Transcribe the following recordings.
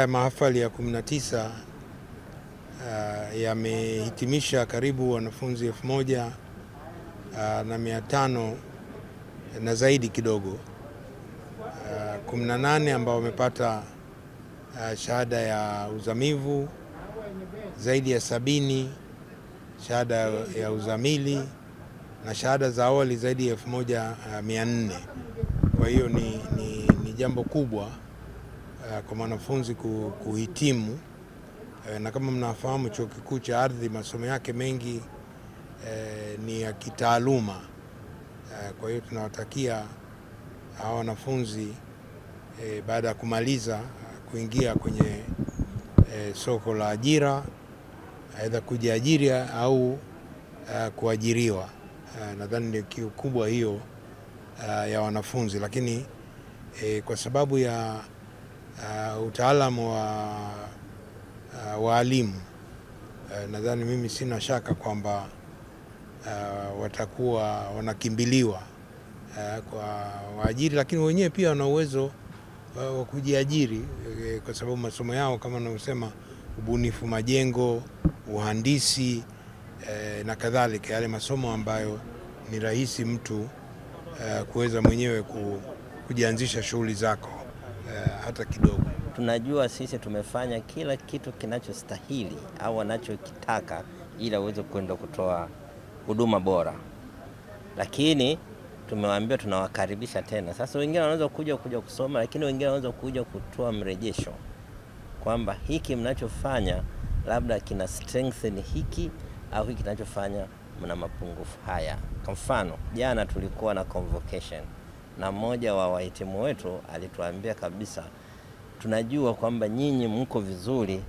Haya mahafali ya 19 uh, yamehitimisha karibu wanafunzi elfu moja uh, na mia tano na zaidi kidogo uh, 18 ambao wamepata uh, shahada ya uzamivu, zaidi ya sabini shahada ya uzamili na shahada za awali zaidi ya elfu moja uh, mia nne. Kwa hiyo ni, ni, ni jambo kubwa. Eh, kwa mwanafunzi kuhitimu, eh, na kama mnafahamu chuo kikuu cha ardhi masomo yake mengi eh, ni ya kitaaluma kwa hiyo tunawatakia hawa wanafunzi baada ya kumaliza kuingia kwenye soko la ajira, aidha kujiajiri au kuajiriwa. nadhani ndio kiu kubwa hiyo ya wanafunzi, lakini kwa sababu ya uh, utaalamu wa uh, waalimu uh, nadhani mimi sina shaka kwamba uh, watakuwa wanakimbiliwa uh, kwa waajiri, lakini wenyewe pia wana uwezo uh, wa kujiajiri uh, kwa sababu masomo yao kama unavyosema ubunifu majengo, uhandisi uh, na kadhalika, yale masomo ambayo ni rahisi mtu uh, kuweza mwenyewe ku, kujianzisha shughuli zako hata kidogo. Tunajua sisi tumefanya kila kitu kinachostahili au wanachokitaka ili aweze kwenda kutoa huduma bora, lakini tumewaambia tunawakaribisha tena. Sasa wengine wanaweza kuja kuja kusoma, lakini wengine wanaweza kuja kutoa mrejesho kwamba hiki mnachofanya labda kina strengthen hiki au hiki kinachofanya mna mapungufu haya. Kwa mfano, jana tulikuwa na convocation na mmoja wa wahitimu wetu alituambia kabisa, tunajua kwamba nyinyi mko vizuri,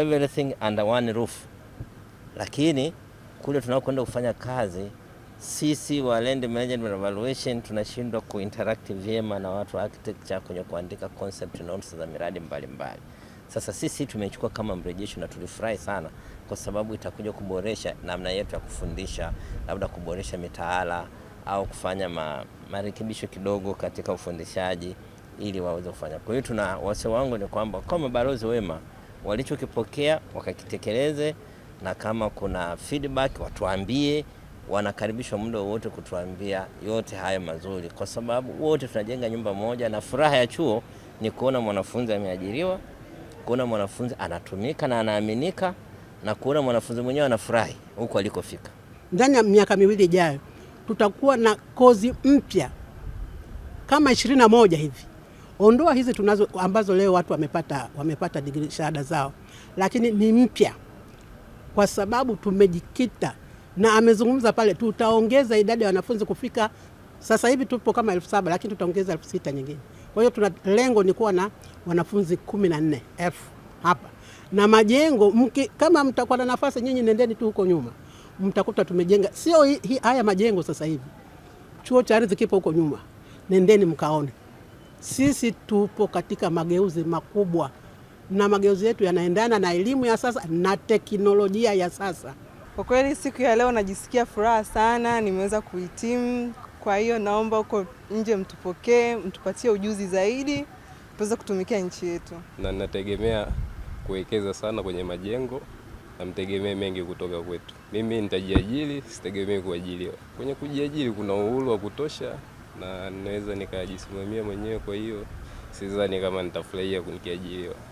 everything under one roof, lakini kule tunakwenda kufanya kazi sisi wa land management evaluation tunashindwa kuinteract vyema na watu wa architecture kwenye kuandika concept notes za miradi mbalimbali mbali. Sasa sisi tumechukua kama mrejesho na tulifurahi sana, kwa sababu itakuja kuboresha namna yetu ya kufundisha, labda kuboresha mitaala au kufanya ma, marekebisho kidogo katika ufundishaji ili waweze kufanya. Kwa hiyo tuna wase wangu ni kwamba kama mabalozi wema walichokipokea wakakitekeleze, na kama kuna feedback watuambie. Wanakaribishwa muda wote kutuambia yote haya mazuri, kwa sababu wote tunajenga nyumba moja, na furaha ya chuo ni kuona mwanafunzi ameajiriwa, kuona mwanafunzi anatumika na anaaminika, na kuona mwanafunzi mwenyewe anafurahi huko alikofika ndani ya miaka miwili ijayo tutakuwa na kozi mpya kama ishirini na moja hivi. Ondoa hizi tunazo ambazo leo watu wamepata, wamepata digrii shahada zao, lakini ni mpya kwa sababu tumejikita na amezungumza pale, tutaongeza idadi ya wanafunzi kufika. Sasa hivi tupo kama elfu saba lakini tutaongeza elfu sita nyingine. Kwa hiyo tuna lengo ni kuwa na wanafunzi kumi na nne elfu hapa na majengo mki, kama mtakuwa na nafasi nyinyi nendeni tu huko nyuma mtakuta tumejenga, sio haya majengo sasa hivi. Chuo cha ardhi kipo huko nyuma, nendeni mkaone. Sisi tupo katika mageuzi makubwa, na mageuzi yetu yanaendana na elimu ya sasa na teknolojia ya sasa. Kwa kweli siku ya leo najisikia furaha sana, nimeweza kuhitimu. Kwa hiyo naomba huko nje mtupokee, mtupatie ujuzi zaidi tuweze kutumikia nchi yetu, na ninategemea kuwekeza sana kwenye majengo amtegemee mengi kutoka kwetu. Mimi nitajiajiri, sitegemee kuajiriwa. Kwenye kujiajiri kuna uhuru wa kutosha na naweza nikajisimamia mwenyewe, kwa hiyo sidhani kama nitafurahia nikiajiriwa.